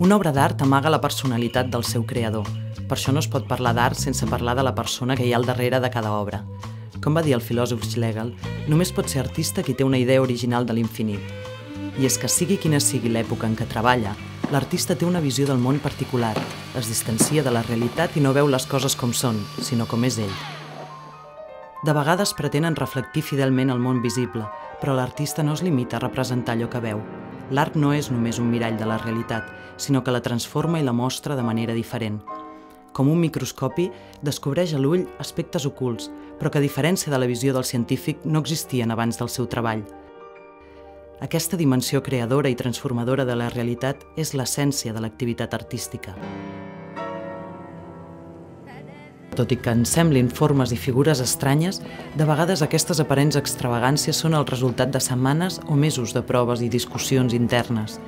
Una obra d'art amaga la personalitat del seu creador. Per això no es pot parlar d'art sense parlar de la persona que hi ha al darrere de cada obra. Com va dir el filòsof Schlegel, només pot ser artista qui té una idea original de l'infinit. I és que sigui quina sigui l'època en què treballa, l'artista té una visió del món particular, es distancia de la realitat i no veu les coses com són, sinó com és ell. De vegades pretenen reflectir fidelment el món visible, però l'artista no es limita a representar allò que veu, L'art no és només un mirall de la realitat, sinó que la transforma i la mostra de manera diferent. Com un microscopi, descobreix a l'ull aspectes ocults, però que a diferència de la visió del científic no existien abans del seu treball. Aquesta dimensió creadora i transformadora de la realitat és l'essència de l'activitat artística. Tot i que ens semblin formes i figures estranyes, de vegades aquestes aparents extravagàncies són el resultat de setmanes o mesos de proves i discussions internes.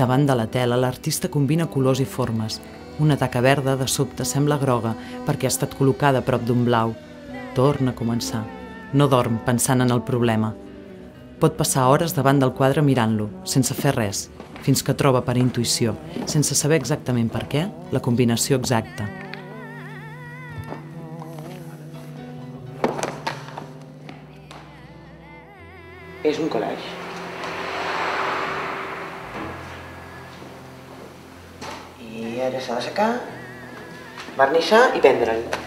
Davant de la tela, l'artista combina colors i formes. Una taca verda de sobte sembla groga perquè ha estat col·locada a prop d'un blau. Torna a començar. No dorm pensant en el problema. Pot passar hores davant del quadre mirant-lo, sense fer res, fins que troba per intuïció, sense saber exactament per què, la combinació exacta. És un col·legi. I ara s'ha d'assecar, vernissar i prendre'l.